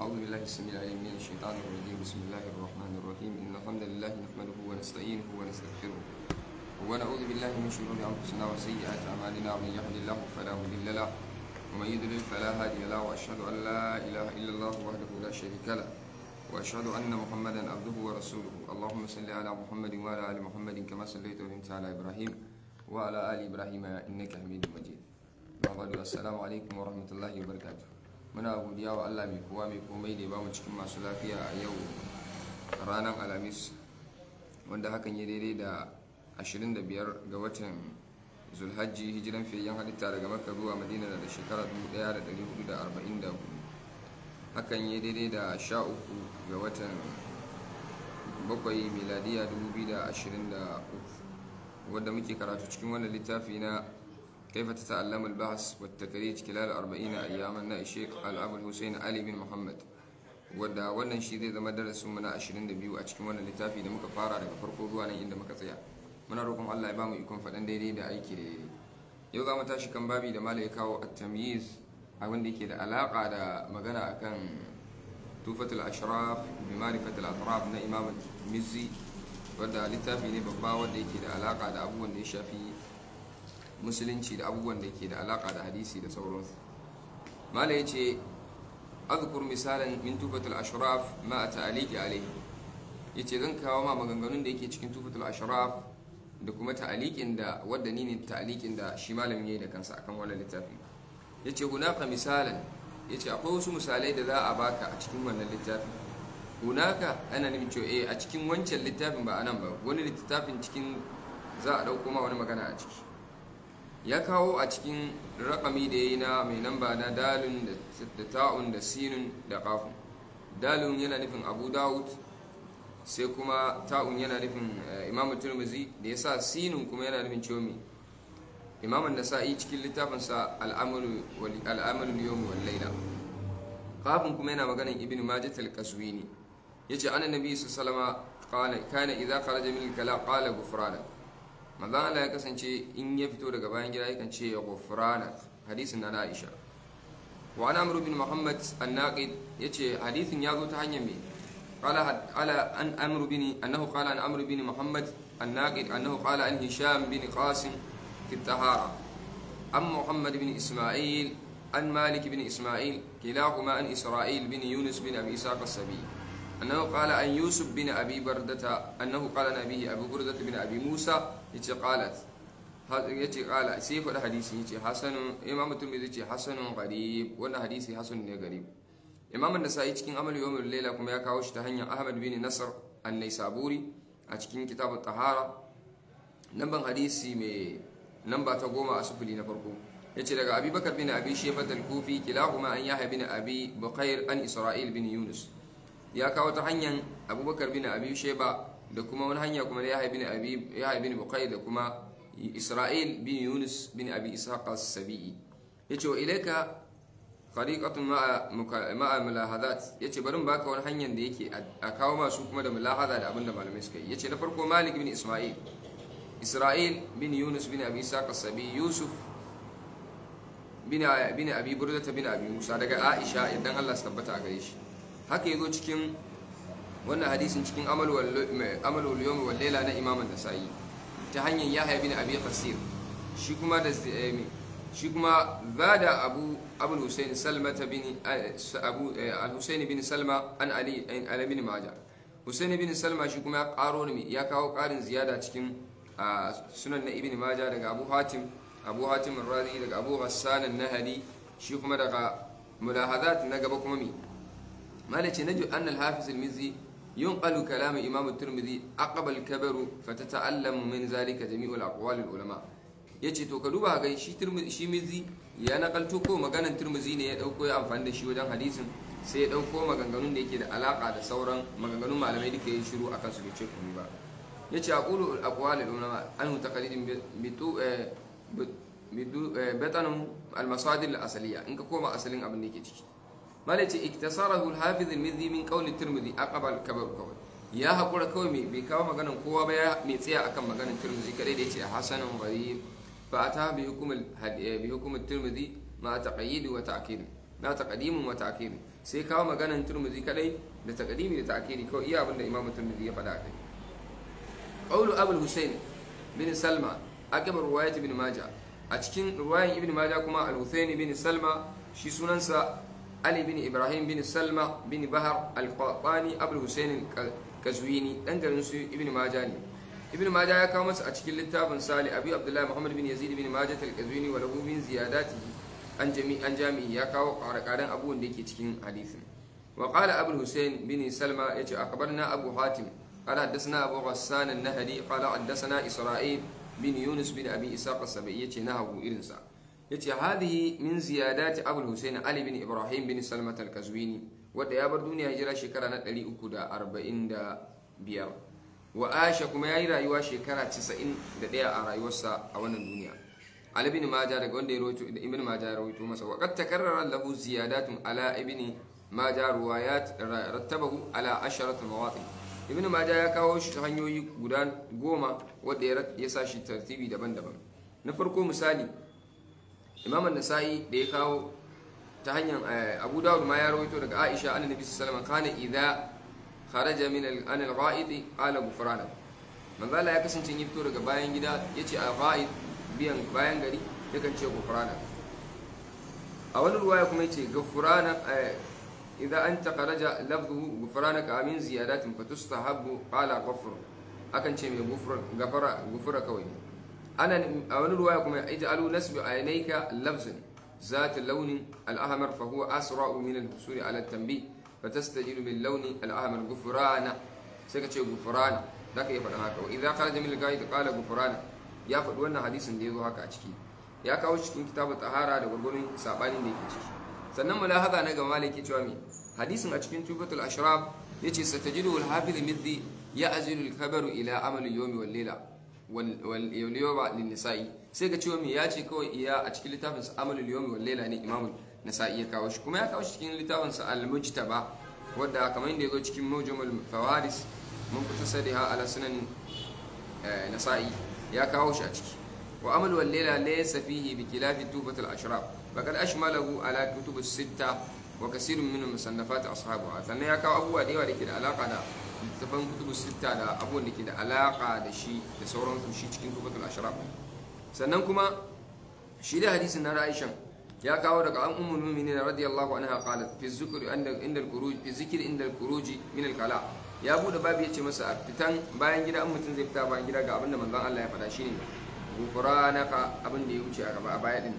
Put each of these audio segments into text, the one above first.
أعوذ بالله السميع العليم من الشيطان الرجيم بسم الله الرحمن الرحيم إن الحمد لله نحمده ونستعينه ونستغفره ونعوذ بالله من شرور أنفسنا وسيئات أعمالنا من يهد الله فلا مضل له ومن يضلل فلا هادي له وأشهد أن لا إله إلا الله وحده لا شريك له وأشهد أن محمدا عبده ورسوله اللهم صل على محمد وعلى آل محمد كما صليت وسلمت على إبراهيم وعلى آل إبراهيم إنك حميد مجيد السلام عليكم ورحمة الله وبركاته muna godiya wa Allah mai kowa mai komai da ya bamu cikin masu lafiya a yau ranar alhamis wanda hakan ya daidai da 25 ga watan zulhajji hijiran fiyayyen halitta daga makar ruwa madina da shekara 1440 hakan ya daidai da 13 ga watan bakwai miladiya 2023 wadda muke karatu cikin wannan littafi na كيف تتألم البحث والتكريج خلال arba'in أياما نا الشيخ الأب الحسين علي بن محمد wadda wannan shi zai zama darasin mu na 22 a cikin wannan littafi da muka fara daga farko zuwa nan inda muka tsaya muna roƙon Allah ya bamu ikon faɗan daidai da aiki da daidai yau za mu tashi kan babi da malai kawo at-tamyiz abin da yake da alaƙa da magana akan tufatul ashraf bi ma'rifatil atraf na imam mizzi wadda littafi ne babba wanda yake da alaka da abubuwan da ya shafi musulunci da abubuwan da ke da alaƙa da hadisi da sauransu mala ya ce azkur misalan min tufatul ashraf ma a ta'aliki alaihi ya ce zan kawo ma maganganun da yake cikin tufatul ashraf da kuma ta'alikin da wadda ni ne ta'alikin da shi malam ya yi da kansa akan wannan littafin ya ce hunaka misalin? ya ce akwai wasu misalai da za a baka a cikin wannan littafin hunaka ana nufin cewa eh, a cikin wancan littafin ba a nan ba wani littafin cikin za a ɗauko ma wani magana a ciki ya kawo a cikin rakami da ya yi na mai namba na dalin da ta'un da sinun da kafin, dalin yana nufin abu dawud sai kuma ta'un yana nufin eh, imamu turmuzi da ya sa sinun kuma yana nufin comi imamun da sa'i cikin littafinsa al'amalul yomi wallaila Kafin kuma yana maganin ibn majid al-kaswini ya ce ana nabi su salama kana idza kharaja min al-kala qala ghufranak manzan Allah ya kasance in ya fito daga bayan gida yakan ce ya gufrana hadisin na Aisha wa ana amru bin Muhammad an-Naqid yace hadisin ya zo ta hanyar me qala ala an amru bin annahu qala an amru bin Muhammad an-Naqid annahu qala an Hisham bin Qasim fi at-tahara am Muhammad bin Isma'il an Malik bin Isma'il kilahuma an Isra'il bin Yunus bin Abi Isaq as-Sabi أنه قال أن يوسف بن أبي بردة أنه قال عن أبيه أبو بردة بن أبي yace qalat yace qala sai ya faɗi hadisi yace hasanun imamu tirmidhi yace hasanun gharib wannan hadisi hasan ne gharib imamu nasa'i cikin amal yawmul layla kuma ya kawo shi ta hanyar ahmad bin nasr an-naisaburi a cikin kitabut tahara namban hadisi mai namba ta goma a sufuli na farko yace daga abubakar bin abi shebat al-kufi kilahuma an yahya bin abi buqair an isra'il bin yunus ya kawo ta hanyar abubakar bin abi sheba da kuma wani hanya kuma ya haibi abi ya haibi bukai da kuma Isra'il bin Yunus bin Abi Ishaq as-Sabi'i yace wa ilaika tariqatun ma'a ma'a mulahadat yace barin baka wani hanyar da yake a kawo masu kuma da mulahaza da abinda malamai suka yi Ya ce na farko Malik bin Isma'il Isra'il bin Yunus bin Abi Ishaq sabii Yusuf bin Abi Burda bin Abi Musa daga Aisha idan Allah ya tabbata a gare shi haka ya zo cikin wannan hadisin cikin amalul yawmi wal layla na imamun nasa'i ta hanyar yahya bin abi qasir shi kuma da zaimi eh, shi kuma zada abu abu husayn salma bin eh, abu eh, al-husayn bin salma an ali an ali bin majah husayn bin salma shi kuma ya karo ne ya kawo karin ziyada cikin sunan na ibn majah daga abu hatim abu hatim ar-razi daga abu hassan an-nahdi shi kuma daga mulahazat na gaba kuma mi malace naju an al-hafiz al-mizzi ينقل كلام إمام الترمذي أقبل الكبر فتتعلم من ذلك جميع الأقوال العلماء yace to ka duba ga shi shi mizi ya nakalto ko maganan turmizi ne ya dauko ya amfani da shi wajen hadisin sai ya dauko maganganun da yake da alaka da sauran maganganun malamai duka yin shiru akan su ce kuma ba yace aqulu al-aqwal al-ulama an taqlidin bitu bitu batan al-masadir al-asliya in ka koma asalin abin da yake ciki mala ce iktasarahu al-hafiz al-mizzi min qawli tirmidhi aqbal kabar kawai ya hakura kawai me bai kawo maganan kowa ba ya mai tsaya akan maganan tirmidhi kadai da yace hasanun gharib fa ata bi hukum eh, bi hukum tirmidhi ma taqayyid wa ta'kid ma taqdim wa ta'kid sai kawo maganan tirmidhi kadai da taqdimi da ta'kidi kawai iya abinda imam tirmidhi ya faɗa kai qawlu abul husayn bin salma akabar ruwayat ibn majah a cikin ruwayan ibn majah kuma al-husayn bin salma shi sunansa ali bin ibrahim bin salma bin bahar al-qattani abul husain al-kazwini dan garin su ibn majah ne ibn majah ya kawo masa a cikin littafin sali abi abdullahi muhammad bin yazid bin majah al-kazwini wa lahu min ziyadatihi an jami an jami'i ya kawo qaraqaran abubuwan da yake cikin hadisin wa qala abul husain bin salma yace akbarna abu hatim قال حدثنا أبو غسان Isra'il bin Yunus bin بن يونس بن أبي إساق السبعية نهو إرنسا yace hadhihi min ziyadati abul husayn ali bin ibrahim bin salmat al-kazwini wanda ya bar duniya hijira shekara na 345 wa aisha kuma yayi rayuwa shekara 91 a rayuwarsa a wannan duniya ali bin majah daga wanda ya rawaito ibn majah ya rawaito masa wa qad takarrara lahu ziyadatun ala ibn majah riwayat rattabahu ala asharat mawaqi ibn majah ya kawo shi ta hanyoyi guda goma wanda ya sa shi tartibi daban-daban na farko misali imam an-nasa'i da ya kawo ta hanyar eh, abu dawud ma ya rawaito daga aisha nabi sallallahu alaihi wasallam kana idza kharaja min an al-ra'id ala gufrana manzo Allah ya kasance ya fito daga bayan gida yace a ra'id biyan bayan gari yakan ce gufrana a wani ruwaya kuma yace gufrana eh, idza anta kharaja lafdhu ka min ziyadatin fatustahabu ala gufr akan ce mai gufr gafara gufra kawai ana a wani ruwaya kuma ij'alu nasbu aynayka lafzan ذات اللون الأحمر فهو أسرع من الحصول على التنبيه فتستجيل باللون الأحمر غفران سكتشي غفران ذاك يفعل هكا وإذا خرج من القائد قال غفران يا فدونا حديث دي هكا أشكي يا كاو cikin kitabu tahara da gurgurin sabanin da yake ciki sannan mulahaza na ga malik ya hadisin a cikin tubatul ashraf yace satajidu al hafiz middi ya azilu ila amali yawmi wal yawma lin nisa'i sai ga cewa me ya ce kawai iya a cikin littafin sa amalul yawmi wal ne imamu nasa'i ya kawo shi kuma ya kawo shi cikin littafin sa al mujtaba wadda kamar yadda ya zo cikin mujmal fawaris mun kuta sadiha ala sunan eh, nasa'i ya kawo shi a ciki wa amal wal layla laysa fihi bi khilafi tubatul ashraf faqad ashmalahu ala kutubus min musannafat ashabu sannan ya kawo abubuwa da yawa da ke da alaka da littafan kutubu sita da abubuwan da ke da alaƙa da shi da sauransu shi cikin tubatul ashraf sannan kuma shi da hadisin na Aisha ya kawo daga an ummul na radiyallahu anha qalat fi zikri inda inda al-khuruj fi zikri inda al min al-qala ya bude babu yace masa a fitan bayan gida an mutun zai fita bayan gida ga abinda manzon Allah ya faɗa shine gufranaka abinda ya wuce a gaba a baya din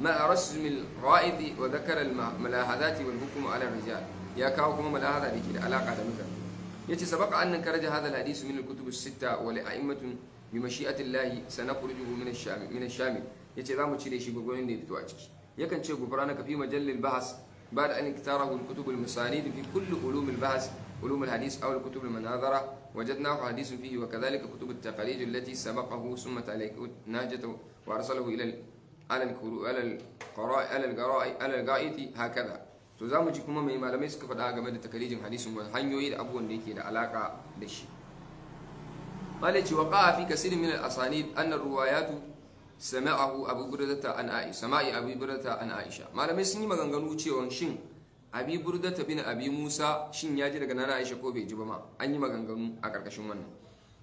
ma rasmil ra'idi wa dhakara al-malahadat wal hukm ala ar-rijal ya kawo kuma malahaza da ke da alaka da mutum يتي سبق أن كرج هذا الحديث من الكتب الستة ولأئمة بمشيئة الله سنخرجه من الشام من الشام يتي ذا مشي شي دي فتو يكن شيء غفرانك في مجل البحث بعد أن اكتاره الكتب المسانيد في كل علوم البحث علوم الحديث أو الكتب المناظرة وجدناه حديث فيه وكذلك كتب التقاليد التي سبقه ثم عليك ناجة وأرسله إلى على القراء على القرائي على القائد هكذا to za mu ji kuma mai malamai suka faɗa game da takarijin hadisin wani hanyoyi da abubuwan da yake da alaƙa da shi malai ce wa ƙa'a fi kasirin min al-asani annar ruwayatu sama'ahu abu burdata an aisha sama'i abu burdata an aisha malamai sun yi maganganu cewa shin abi burdata bin abi musa shin ya ji daga nana aisha ko bai ji ba ma an yi maganganu a ƙarƙashin wannan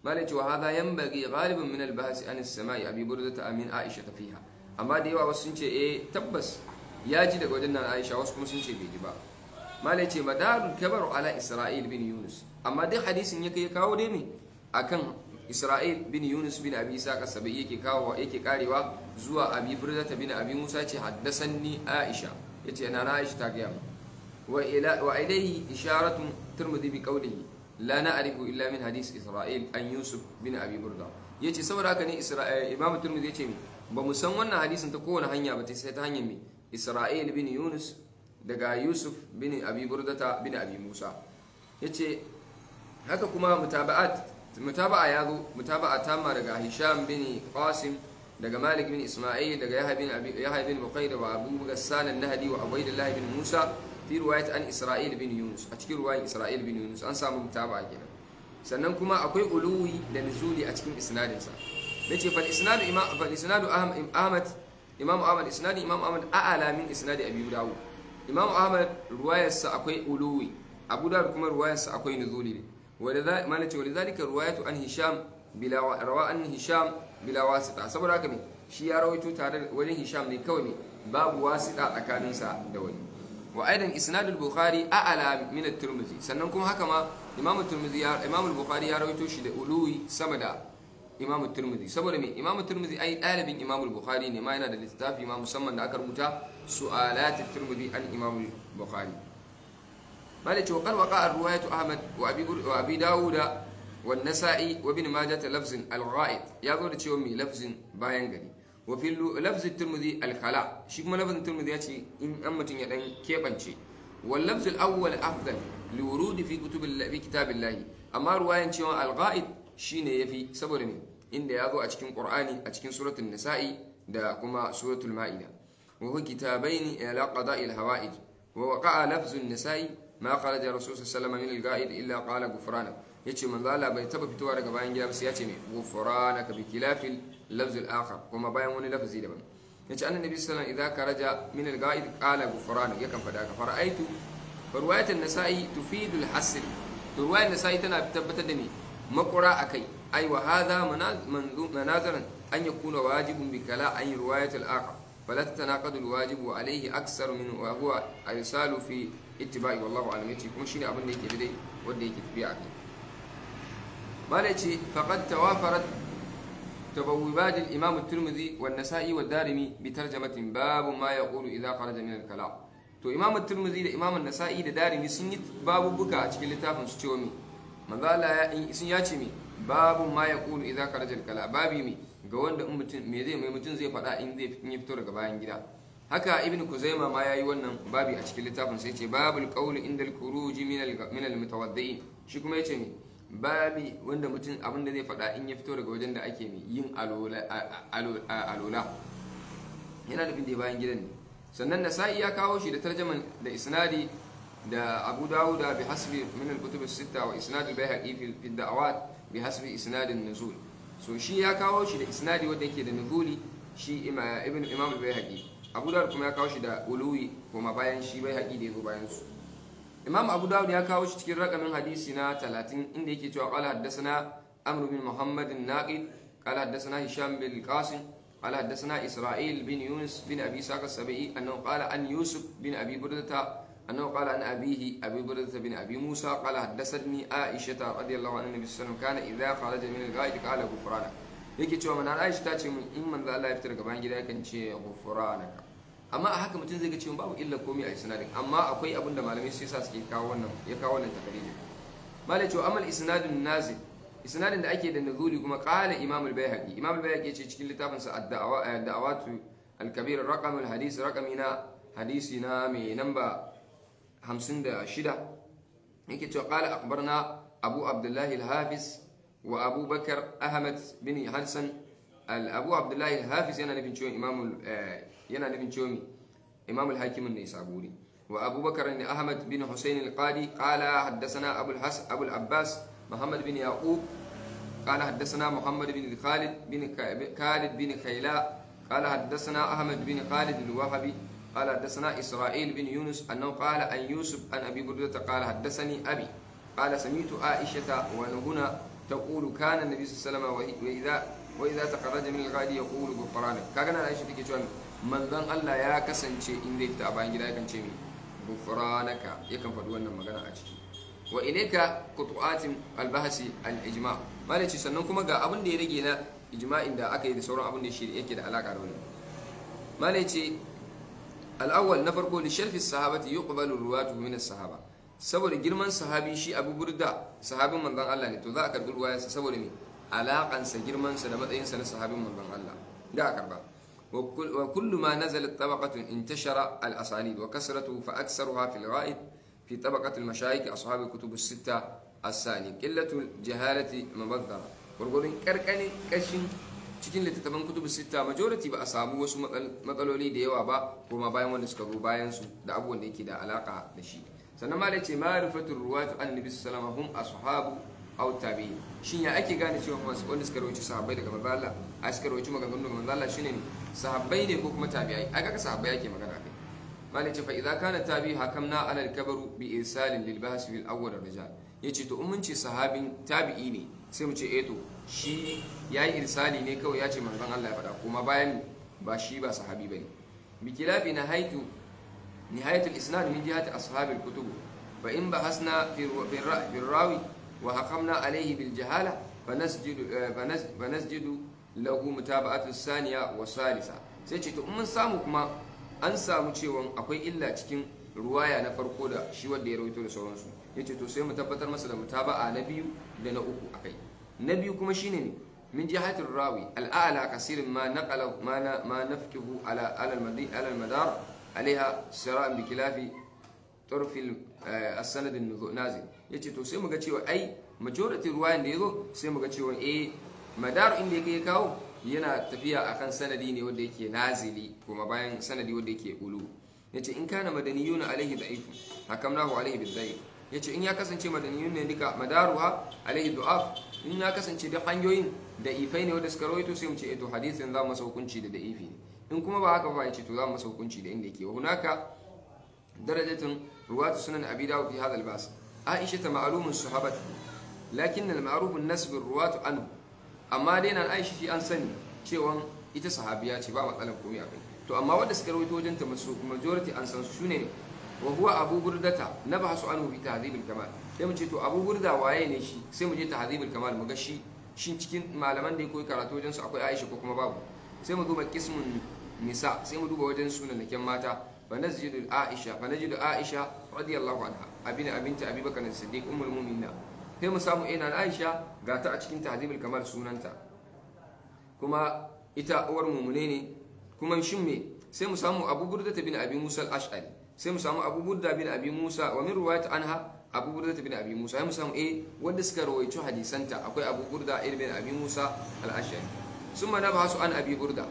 malai ce wa hadha yanbaghi ghalibun min al-bahsi an as-sama'i abi burdata amin aisha fiha amma da yawa wasu sun ce eh tabbas ya ji daga wajen nan aisha wasu kuma sun ce bai ji ba malai ce madarul kabaru ala isra'il bin yunus amma dai hadisin yake ya kawo dai ne akan isra'il bin yunus bin abi isa kasabi yake kawo yake karewa zuwa abi burda bin abi musa ce haddasanni aisha Ya ce yana na aisha ta gaya wa ila wa ilayhi isharatun turmudi bi qawlihi la na'rifu illa min hadis isra'il an yusuf bin abi burda yace saboda haka ne isra'il eh, imam turmudi yace me ba mu san wannan hadisin ta kowane hanya ba sai ta hanyar me isra'il bin yunus daga yusuf bin Abiburdata bin abi musa ya ce haka kuma mutaba'a ya zo mutaba'a tamma daga hisham bin qasim daga malik bin isma'il daga yahya bin bukair wa abu gassan an-nahdi wa ubaydullah bin musa fi riwayat an isra'il bin yunus a cikin riwayat isra'il bin yunus an samu mutaba'a kenan sannan kuma akwai uluwi da nuzuli a cikin isnadinsa nace fal isnadu imam fal isnadu ahmad imam ahmad isnadi imam ahmad a'ala min isnadi abi dawud imam ahmad ruwayarsa akwai uluwi abu dawud kuma ruwayarsa akwai nuzuli ne malace wa lidhalika ruwayatu an hisham bila rawa an hisham bila wasita saboda haka ne shi ya rawaito tare da wajen hisham ne kawai ne babu wasita tsakaninsa da wani wa aidan isnadul bukhari a'ala min at-tirmidhi sannan kuma haka ma imam at-tirmidhi ya imam al-bukhari ya rawaito shi da uluwi sama da imamu turmuzi saboda mai imamu turmuzi ai ɗalibin imamu bukhari ne ma yana da littafi ma musamman da aka rubuta su alatin turmuzi an imamu bukhari bada cewa karwa ka'ar a ahmad wa abi dawuda wa nasa'i wa bin majata lafzin al-ra'id ya zo da cewa mai lafzin bayan gari wa fi turmuzi al-kala shi kuma lafzin turmuzi ya ce in an mutum ya dan keɓance واللفظ الاول افضل لورود في كتب الله في كتاب الله اما روايه شيء الغائب شيء يفي سبب inda ya zo a cikin qur'ani a cikin suratul nisa'i da kuma suratul ma'ida wa hu kitabaini ila qada'il hawa'ij wa waqa'a lafzun nisa'i ma kharaja rasul sallallahu alaihi wasallam min al gaid illa qala ghufranak yace manzo Allah bai taba fitowa daga bayan gida ba sai yace me ka bi khilafil lafz al akhar kuma bayan wani lafzi daban yace annabi sallallahu alaihi wasallam idza kharaja min al ga'id qala ghufranak yakan fada ka fara'aitu riwayat an-nasa'i tufidu al-hasr riwayat an-nasa'i tana tabbatar da me makura akai أي وهذا مناظرا أن يكون واجب بكلا أي رواية الآخر فلا تتناقض الواجب وعليه أكثر من وهو أرسال في اتباع والله أعلم يتي كما شيني أبن ديكي بدي ودي يكي تبيع أكي مالتي فقد توافرت تبويبات الإمام الترمذي والنسائي والدارمي بترجمة باب ما يقول إذا خرج من الكلام to imamu turmuzi da imamu nasa'i da darimi sun yi babu buka a cikin littafin su ciwo mi manzo Allah ya sun ya ce mi babu ma ya kulu idan ka al-kala babi mi ga wanda in mutum me zai mai mutum zai faɗa in zai in fito daga bayan gida haka ibn kuzaima ma yayi wannan babi a cikin littafin sai ce babul qawli indal khuruj min al mutawaddi shi kuma yace me babi wanda mutum abinda zai faɗa in ya fito daga wajen da ake mi yin alola alola yana nufin da bayan gidan ne sannan nasa'i ya kawo shi da tarjaman da isnadi da abu dawuda bi hasbi min al-kutub as sita wa isnad al-bayhaqi fi ad-da'awat bi hasbi isnadin nuzul so shi ya kawo shi da isnadi wanda yake da nuzuli shi ibn imam al-bayhaqi abu dawud kuma ya kawo shi da uluwi kuma bayan shi bayhaqi da yazo bayan su imam abu dawud ya kawo shi cikin rakamin hadisi na 30 inda yake cewa qala haddathana amr bin muhammad an-naqid qala haddathana hisham bin qasim قال حدثنا إسرائيل بن يونس بن أبي ساق السبيعي أنه قال أن يوسف بن أبي بردة أنه قال عن أبيه أبي بردة بن أبي موسى قال حدثتني عائشة رضي الله عنها النبي صلى الله عليه وسلم كان إذا خرج من الغائط قال غفرانك yake cewa mana Aisha ta ce min in manzo Allah ya fitar gaban gida kan ce ghufranaka amma a haka mutum zai ga cewa babu illa komai a isnadin amma akwai abin da malamai sai sa suke kawo wannan ya kawo wannan takariri malai cewa amal isnadun nazil isnadin da ake da nuzuli kuma qala imam al-baihaqi imam al-baihaqi ya ce cikin littafin sa ad-da'awatu al-kabir raqam al-hadith raqamina hadisi na mai namba Hamsin da shida, yake cewa qala akhbarna abu abdullahi al-hafiz wa abu bakar ahmad bin harsan abu abdullahi al-hafiz yana nufin cewa imam eh, yana nufin cewa imam al-hakim ne saburi wa abu bakar ne ahmad bin husayn al-qadi qala haddathana abu al-has abu al-abbas muhammad bin yaqub قال حدثنا محمد بن خالد بن خالد بن خيلاء قال حدثنا احمد بن خالد الوهبي قال حدثنا إسرائيل بن يونس أنه قال أن يوسف أن أبي بردة قال حدثني أبي قال سمعت عائشة ونهنا تقول كان النبي صلى الله عليه وسلم وإذا وإذا تخرج من الغد يقول غفرانك كان عائشة تكي من ذن الله يا كسنce in zai fita a bayan gida yakan ce غفرانك yakan faɗi wannan magana a ciki wa ilayka qutu'atin albahsi alijma malaci sannan kuma ga abin da ya rage na ijma'in da aka yi da sauran abin da shi yake da alaka da wannan malaci al'awal na farko ne sharfi sahabati yi ruwa ruwatu min sahaba saboda girman sahabi shi abu burda sahabin manzan Allah ne to za a karbi ruwayarsa saboda ne alaƙansa girmansa da sa na sahabin manzan da a karba wa kullu ma nazala tabaqatun intashara al asanid wa kasratu fa aktsaruha fil ra'id fi tabaqat mashayiki mashayikh ashab kutub al sitta asani qillatu al jahalati mabadda gurgurin karkani kashin cikin littattafan kutubu sita majority ba a samu wasu matsaloli da yawa ba ko kuma bayan wanda suka zo bayan su da abubuwan da yake da alaka da shi sannan ma da ce ma'rifatul ruwatu annabi sallama hum ashabu aw tabi'in shin ya ake gane cewa masu wanda suka rawaito sahabbai daga manzo Allah a suka rawaito maganganun daga manzo Allah shine sahabbai ne ko kuma tabi'ai aka ga sahabbai ake magana kai malai ce fa idza kana tabi hakamna ala al-kabru bi irsalin lil bahs fil awwal ar-rijal yace to ummun ce sahabin tabi'i ne sai mu ce eh to shi ya yi irsali ne kawai ya ce manzan Allah ya faɗa kuma bayan ba shi ba sahabi bane bikilafi na haitu haitu isnadu min jihati ashabil kutub fa in hasna fi rawi wa haqamna alayhi bil jahala fanasjidu eh, fanasjidu lahu mutaba'atu saniya wa salisa sai ce to in mun samu kuma an samu cewa akwai illa cikin ruwaya na farko da shi wanda ya rawaito da sauransu yace to sai mu tabbatar masa da mutaba'a na biyu da na uku akai na biyu kuma shine ne min jihatir rawi al'ala kasirin ma naqala ma ma na ala ala alal madi ala al-madar alaiha sira'an bi khilafi turfil eh, as-sanad an-nazil yace to sai muga cewa ai majority ruwayan da yazo sai muga cewa eh madar inda yake kawo yana tafiya akan sanadi ne wanda yake nazili kuma bayan sanadi wanda yake ulu yace in kana madaniyuna alaihi da'if hakamnahu alaihi bid-da'if yace in ya kasance madaniyun ne duka madaruha alaihi du'af in ya kasance duk hanyoyin da ifai ne wanda suka rawaito sai mu ce eh, to hadisin za mu hukunci da da'ifi ne in kuma ba haka ba ce to za mu hukunci da inda yake wa hunaka darajatun ruwatu sunan abi dawud fi hadha al-bas aisha ta ma'lumun sahabati lakin al-ma'ruf an-nasb ruwatu anhu amma dai nan aisha shi an sani cewa ita sahabiya ce ba matsalar komai a to amma wanda suka rawaito wajen ta majority an san su ne wa huwa abu burdata na ba su anhu bi tahdhibul kamal sai mu ce to abu burda waye ne shi sai mu je ta tahdhibul kamal mu ga shi shi cikin malaman da ya koyi karatu wajen akwai Aisha ko kuma babu sai mu duba qismun nisa sai mu duba wajen sunan naken mata ba fa najidu Aisha ba fa najidu Aisha radiyallahu anha abin abinta Abubakar as-Siddiq ummul mu'minin sai mu samu ina na Aisha ga ta a cikin ta tahdhibul kamal sunanta kuma ita uwar mumune ne kuma shin me sai mu samu Abu Burda bin Abi Musa al-Ash'ari سيم سيمسام أبو بردة بن أبي موسى ومن رواية عنها أبو بردة بن أبي موسى يمسام إيه ودسكر ويتو حديثا أقول أبو بردة بن أبي موسى الأشعري ثم نبحث عن أبي بردة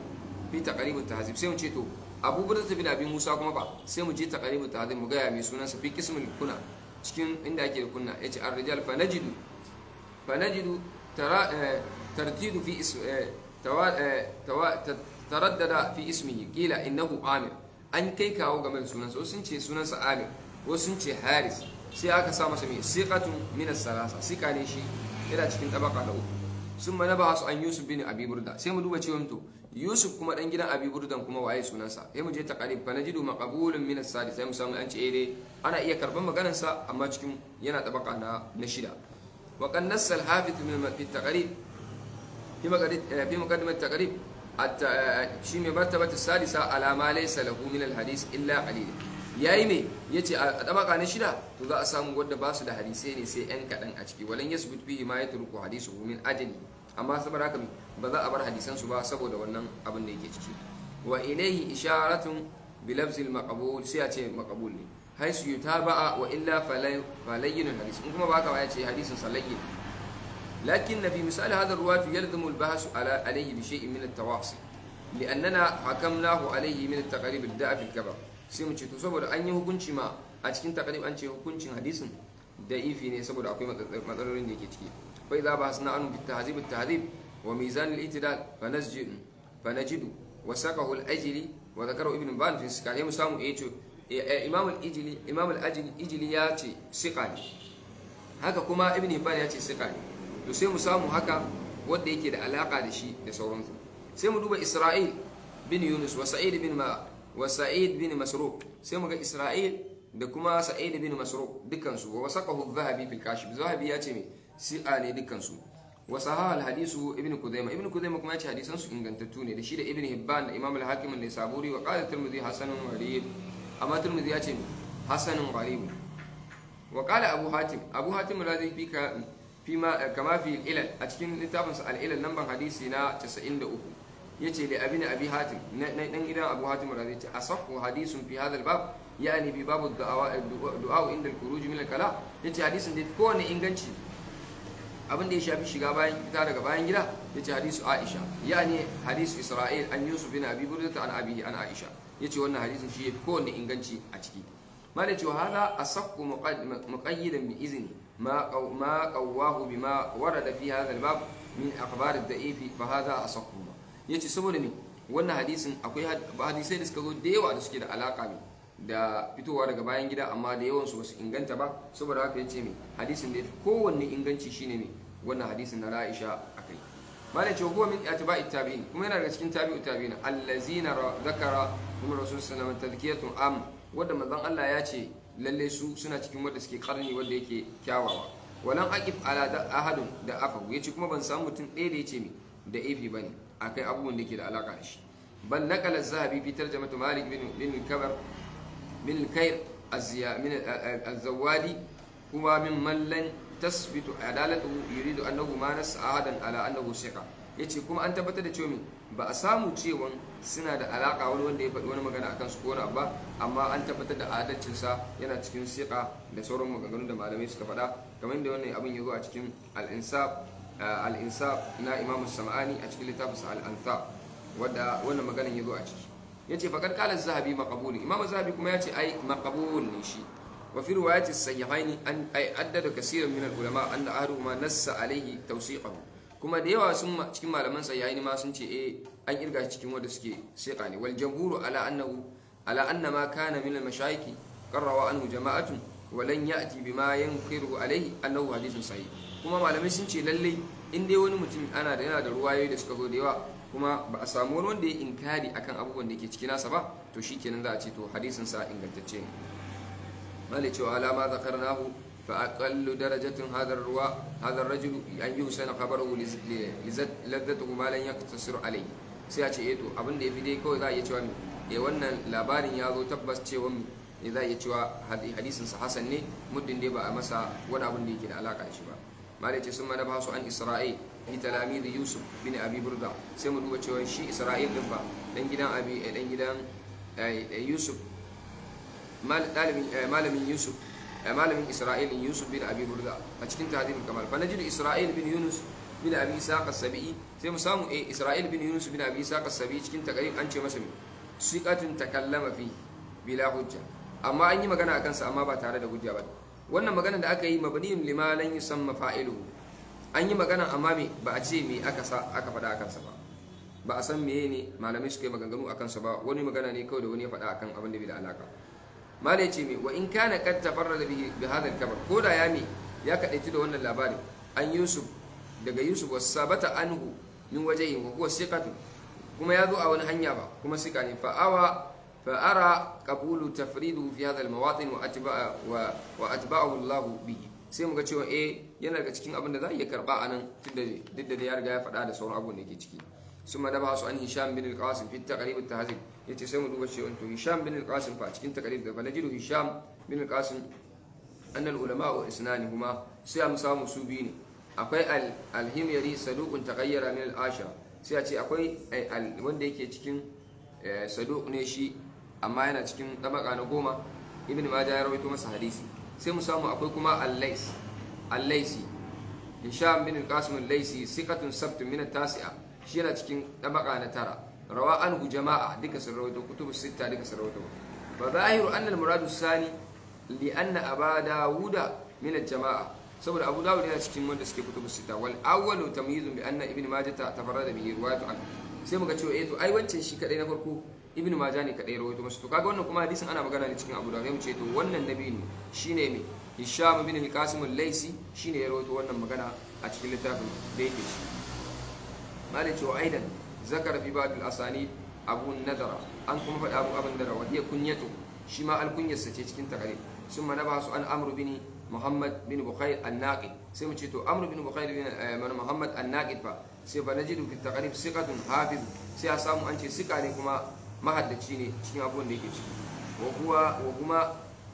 في تقريب التهذيب سيمو تشيتو أبو بردة بن أبي موسى كما بعد سيم جي تقريب التهذيب مغايا ميسونا في قسم الكنى cikin inda ake kunna yace ar-rijal fa najidu fa najidu tara eh, tartidu fi تردد في اسمه قيل إنه عامر an kai kawo game da sunansa wasu sun ce sunansa alim wasu ce haris sai aka sa masa mai siƙatu minas as-salasa siqa ne shi yana cikin tabaka da uku sun mana ba su an yusuf bin abi burda sai mu duba cewa to yusuf kuma dan gidan abi burdan kuma waye sunansa sai mu je ta qarib fa najidu maqbulun min as-sadis sai mu samu an ce eh ana iya karban maganar sa amma cikin yana tabaka na na shida wa qannasa al-hafiz min al-taqrib fi maqaddimat eh, taqrib shi mai martabata sadisa alama laisa lahu min alhadis illa qalil yayi me yace a tabaka na shida to za a samu wanda ba su da hadisai ne sai yan kadan a ciki walan yasbut bihi ma yatruku hadisu min ajali amma saboda haka ba za a bar hadisan su ba saboda wannan abin da yake ciki wa ilayhi isharatun bi lafzil maqbul sai a ce maqbul ne haisu yutaba'a wa illa falayyin hadis in kuma baka ba hadisin salayyin لكن في مثال هذا الرواة يلزم البحث عليه بشيء من التواصي لأننا حكمناه عليه من التقريب الداء في الكبر سيمو تشيتو سبب أن يهكونش ما أتكين تقريب أن يهكونش حديث ضعيف ني سبب أقوي مدرورين دي كتكي فإذا بحثنا عنه بالتهذيب التهذيب وميزان الاعتدال فنسجد فنجد وساقه الأجلي وذكره ابن بان في السكال يمو سامو إيتو إمام الإجلي إمام الأجلي إجلي ياتي سقاني هكا كما ابن هبان ياتي سقاني to sai mu samu haka wanda yake da alaka da shi da sauransu sai mu duba Isra'il bin Yunus wa Sa'id bin Ma wa Sa'id bin Masruq sai mu ga Isra'il da kuma Sa'id bin Masruq dukkan su wa wasaqahu Zahabi fil Kashif Zahabi ya ce me si'a ne dukkan su wa sahaha al hadisu Ibn Kudaima Ibn Kudaima kuma ya ce hadisan su ingantattu ne da shi da Ibn Hibban da Imam al-Hakim da Saburi wa qala Tirmidhi hasanun gharib amma Tirmidhi ya ce hasanun gharib wa qala Abu Hatim Abu Hatim radhi fika fima eh, kama fi ilal a cikin littafin sa al-ilal hadisi na 93 yace da abin abi hatim dan gidan abu hatim radhi ta asahhu hadisun fi hadha al-bab yani babu du'a inda al min kala yace da inganci abin da ya shafi shiga bayan gida daga bayan gida yace hadisu aisha ne hadisu isra'il an yusuf bin abi burda an abi an aisha yace wannan hadisun shi yafi fi wani inganci a ciki malai cewa hada asahhu muqayyidan bi izini. ما قو ما قواه بما ورد في هذا الباب من أخبار الضعيف فهذا أصحهما yace saboda me wannan hadisin akwai hadisai da suka zo da yawa da suke da alaka ne da fitowa daga bayan gida amma da yawan su basu inganta ba saboda haka yace me hadisin da yafi kowanne inganci shine me wannan hadisin na Aisha akai malai ce huwa min atiba'i tabi'in kuma yana daga cikin tabi'u tabi'in allazina zakara kuma rasul sallallahu alaihi wasallam tadhkiyatun am wanda manzon Allah ya ce lalle su suna cikin wanda suke karni wanda yake kyawawa walan aqif ala ahadun da afagu yace kuma ban samu mutum ɗaya da yace mi da ifi bane akai abubuwan da yake da alaka da shi bal naqala az-zahabi fi tarjamatu malik bin bin al-kabar min al-kayr min az-zawadi huwa min man lan tasbitu adalatuhu yuridu annahu ma nas ahadan ala annahu thiqa yace kuma an tabbatar da cewa ba a samu cewa suna da alaka wani wanda ya faɗi wani magana akan su kona ba amma an tabbatar da adalcinsa yana cikin siƙa da sauran maganganu da malamai suka faɗa kamar da wannan abin ya zo a cikin al'insaf eh, na imamu sama'ani a cikin littafinsa al'ansa wadda wannan maganan ya zo a ciki ya ce faƙar ƙalar zahabi maƙabuli imamu zahabi kuma ya ce ai maƙabul ne shi وفي رواية الصحيحين أن أي عدد كثير من العلماء أن أهلهما نص عليه توثيقه kuma da yawa sun cikin malaman yayin ma sun ce eh an kirga cikin wanda suke sai ne wal jamhuru ala annahu ala anna ma kana min al mashayikh qarrawa anhu jama'atun wa lan ya'ti bima yankiru alayhi annahu hadithun sahih kuma malamai sun ce lalle in dai wani mutum ana da yana da ruwayoyi da suka zo da yawa kuma ba a samu wani wanda ya inkari akan abubuwan da ke cikin nasa ba to shikenan za a ce to hadisin sa ingantacce ne malai cewa alama zakarnahu fa hadar فأقل درجة هذا الرواء هذا الرجل أن يحسن خبره لذته ما لن يقتصر alai sai a ce eto abin da ya fi dai kawai za a iya cewa ya wannan labarin ya zo tabbas cewa ne za a iya cewa hadisinsa hasan ne muddin dai ba a masa wani abin da yake da alaka da shi ba malai ce sun mana basu an isra'il bi da yusuf bin abi burda sai mu duba cewa shi isra'il din ba dan gidan abi dan gidan yusuf malamin yusuf Eh, malamin Isra'il Yusuf bin Abi Burda a cikin tahdhibul kamar. fa najidu Isra'il bin Yunus bin Abi Isaq as-Sabi'i sai mu samu eh Isra'il bin Yunus bin Abi Isaq as-Sabi'i cikin taqrib an ce masa siqatun takallama fi bila hujja amma an yi magana akan sa amma ba tare da hujja ba wannan magana da aka yi mabniun lima lan yusamma fa'iluhu an yi magana amma me ba a ce me aka sa aka faɗa akan sa ba ba a san me ne malamai suka yi maganganu akan sa ba wani magana ne kawai da wani ya faɗa akan abin da bai da alaka malai ce mai wa in kana kad tafarrada da hadha al kamar ko da ya me ya kadaici da wannan labarin an yusuf daga yusuf wasabata anhu min wajahin wa huwa siqatu kuma ya zo a wani hanya ba kuma siqa ne fa awa fa ara qabulu fi hadha mawatin wa atba'a wa wa bihi sai muga cewa eh yana daga cikin abin da za a iya karba nan duk da ya riga ya faɗa da sauran abubuwan da yake ciki ثم نبحث عن هشام بن القاسم في التقريب التهذيب يتسمى دوبا شيء أنتو هشام بن القاسم فاتكين تقريب ده فنجد هشام بن القاسم أن العلماء إسنانهما سيام سامو سوبيني أقوي الهميري صدوق تغير من العاشرة سيأتي أقوي الوندي كي تكين صدوق نيشي أما أنا تكين طبق أنا قوما ابن ماجه يرويتو مس حديثي سيام سامو أقوي كما الليس الليسي هشام بن القاسم الليسي ثقة سبت من التاسعة shi yana cikin ɗabaka na tara rawa anhu jama'a duka sun rawaito kutubu sita duka sun rawaito fa zahiru anna al-muradu sani li anna aba dawuda min jamaa saboda abu dawud yana cikin wanda suke kutubu sita wal awwalu tamyizun bi anna ibn majah tafarrada bihi riwayatu an sai muka ce eh to ai wancan shi kadai na farko ibn majah ne kadai rawaito masa to kaga wannan kuma hadisin ana magana ne cikin abu dawud sai mu ce to wannan nabi ne shine me hisham bin al-qasim al-laisi shine ya rawaito wannan magana a cikin littafin da yake shi malai cewa aidan zakar fi ba'd al-asani abu nadara an kuma faɗa abu abin dara wa hiya kunyatu shi ma alkunyarsa ce cikin taqrib sun ma naba su an amru bin muhammad bin bukhair an sai mu ce to amru bin bukhair bin eh, muhammad an-naqid fa sai fa najidu fi taqrib siqatun hafiz sai a samu an ce siqa ne kuma mahaddaci ne cikin abubuwan da yake ciki wa huwa wa kuma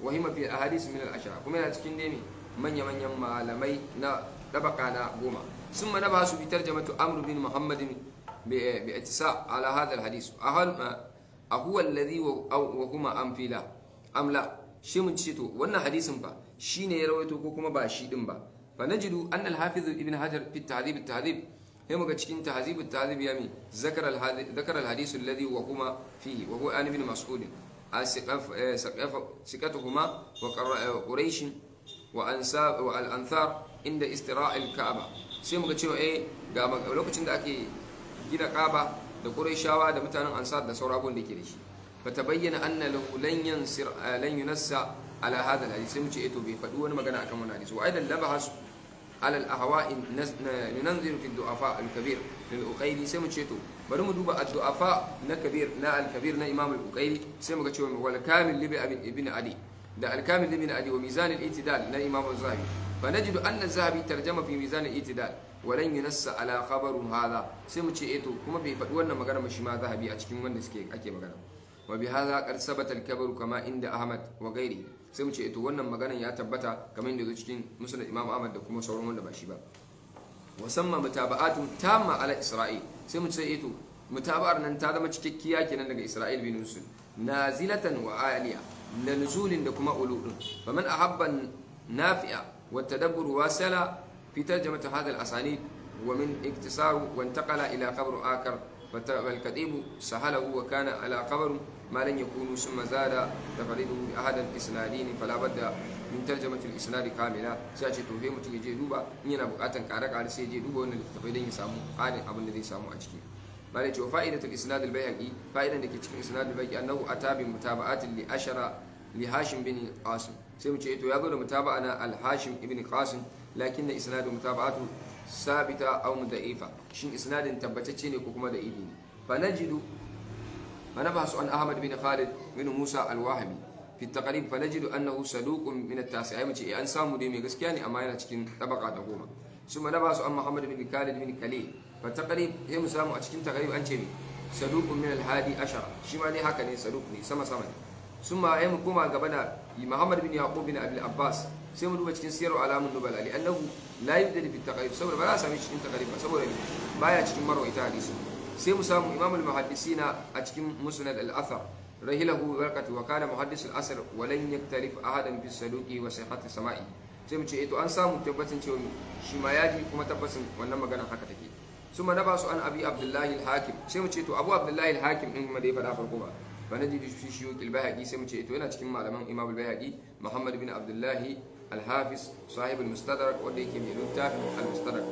wahima fi ahadith min al-ashara kuma yana cikin ne manya-manyan malamai na dabaka na goma ثم نبعث بترجمة أمر بن محمد باتساع على هذا الحديث أهل ما أهو الذي أو وهما أم في لا أم لا شيء من شيء تو وانا حديث با شين يروي تو كوكما با شيء با فنجد أن الحافظ ابن حجر في التعذيب التعذيب هم قد تعذيب التعذيب يامي يعني ذكر ذكر الحديث الذي وهما فيه وهو أن ابن مسعود سقف آه، سقف سكتهما وقريش آه، وأنساب والأنثار عند استراء الكعبة sai muka cewa eh ga lokacin da ake gina kaba da qurayshawa da mutanen ansar da saura da ke da shi fa tabayyana anna lahu lan yansir lan yunassa ala hadha alhadith sai mu ce eto bai faɗi wani magana akan wannan hadisi wa aidan labahas ala al-ahwa'i nunanzir fi du'afa al-kabir lil uqayli sai mu ce to bari mu duba ad-du'afa na kabir na al-kabir na imam al-uqayli sai mu ga cewa wal kamil libi ibn adi da al-kamil ibn adi wa mizan al-i'tidal na imam az-zahabi fa najidu anna zahabi tarjama fi mizan al-i'tidal wa lan yunassa ala khabaru hadha sai mu ce eh kuma bai faɗi wannan magana ba shi zahabi a cikin wanda suke ake magana wa bi hadha qad sabata al kama inda ahmad wa ghairi sai mu ce eh wannan magana ya tabbata kamar inda zo cikin musnad imam ahmad da kuma sauran wanda ba shi ba musamman mutaba'atun tamma ala isra'il sai mu ce eh mutaba'ar nan ta zama cikakkiya kenan daga isra'il bin usul nazilatan wa aliya da nuzulin da kuma uludun faman ahabban nafi'a والتدبر واسل في ترجمة هذا الأسانيد ومن اقتصار وانتقل إلى خبر آخر فالكتيب سهله وكان على خبر ما لن يكون ثم زاد تفريده بأحد الإسنادين فلا بد من ترجمة الإسناد كاملة سيأتي توفي متك يجي دوبا نينا بقاتا كارك على سي يجي دوبا وأن التفريدين يسامو قال أبن الذي يسامو أشكي ما فائدة الإسناد البيهقي فائدة لكي تكون إسناد البيهقي أنه أتى بمتابعات لأشر li hashim bin qasim sai mu ce to ya zo da mutaba'a na al hashim ibn qasim lakinna isnadu mutaba'atu sabita aw mudaifa shin isnadin tabbatacce ne ko kuma da ibi ne fa najidu fa an ahmad bin khalid bin musa al wahabi fi taqrib fa najidu annahu saduqun min at mu ce eh, an samu gaskiya ne amma yana cikin goma ثم نبعث عن محمد بن خالد بن كليل فتقريب هي مسامو اتشكين تقريب انشمي صدوق من الهادي عشر شي ما دي هكا ني صدوق ني سما سما ني sun ma mu koma gaba da muhammad bin yaqub bin abul abbas sai mu duba cikin siyar alamun nubala li annahu la yubda bi taqrib saboda ba za a sami cikin taqrib saboda baya cikin marwaita hadisi sai mu samu imam al muhaddisina a cikin musnad al athar rahilahu warqatu wa kana muhaddis al asr wa lan yaktarif ahadan fi saduqi wa sihhati sama'i sai mu ce eh, to an samu tabbacin cewa shi ma yaji kuma tabbacin wannan magana haka take suma na ba su an abi abdullahi al hakim sai mu ce to abu abdullahi al hakim din ma dai ya faɗa farko ba بندي دشوشي شيوخ البهجي سمتشي تولا تشكيم على امام امام البهجي محمد بن عبد الله الحافظ صاحب المستدرك وديكي ميلوتا المستدرك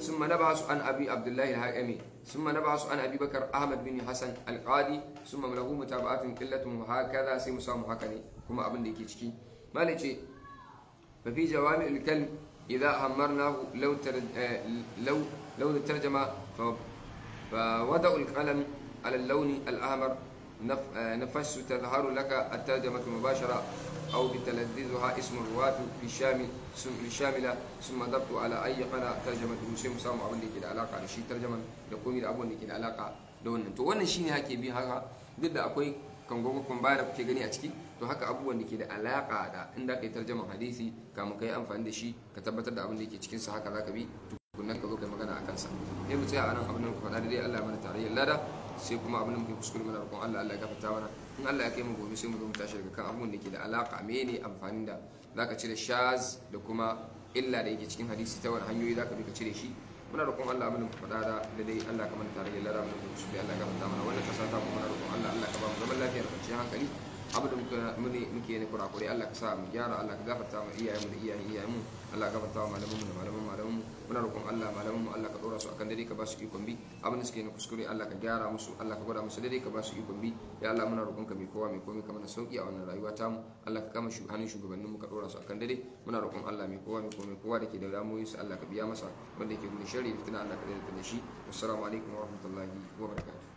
ثم نبعث عن ابي عبد الله الهائمي ثم نبعث عن ابي بكر احمد بن حسن القاضي ثم له متابعات قله وهكذا سيم سام هكني كما ابن ديكي تشكي ما ليتشي ففي جوامع الكلم اذا همرناه لو ترد آه، لو لو الترجمه فوضعوا القلم على اللون الاحمر نفس تظهر لك الترجمة مباشرة أو بتلذذها اسم الرواة للشاملة ثم ضبط على أي قناة ترجمة المسلم samu abin da ke da alaka da shi tarjaman da komai da abin da ke da alaka wannan to wannan hake bi haka duk da akwai kangogo kun baya da kuke gani a ciki to haka abubuwan da ke da alaka da inda kai tarjaman hadisi kamun kai amfani da shi ka tabbatar da abin da ke cikin sa haka zaka bi tukunan ka zo magana akan mu tsaya anan abin da ku faɗa da mana lada sai kuma abin da muke kuskure mana roƙon Allah Allah ya gafarta mana in Allah ya kai mu gobe sai mu zo mu tashi daga kan abun da ke da alaka mene amfanin da zaka cire shaz da kuma illa da yake cikin hadisi ta wani hanyoyi zaka bi ka cire shi muna roƙon Allah abin da muka faɗa da dai Allah kamar tare da lara mu su da Allah ya gafarta mana wannan kasa ta kuma roƙon Allah Allah ka ba mu zaman lafiya da kwanciyar hankali abin da muke muke ne kurakure Allah ka sa mu gyara Allah ka gafarta mu iyayen mu da iyayen iyayen mu Allah ka barta wa malaman mu da malaman malaman mu muna roƙon Allah malaman mu Allah ka dora su akan dare ka ba su ikon bi abin da suke na kuskure Allah ka gyara musu Allah ka gwada musu dare ka ba su ikon bi ya Allah muna roƙon ka mai kowa mai komai ka mana sauki a wannan rayuwa ta mu Allah ka kama hannun shugabannin mu ka dora su akan dare muna roƙon Allah mai kowa mai komai kowa da ke da damuwoyi su Allah ka biya masa wanda ke gudun shari fitina Allah ka daidaita da shi assalamu alaikum wa rahmatullahi wa barakatuh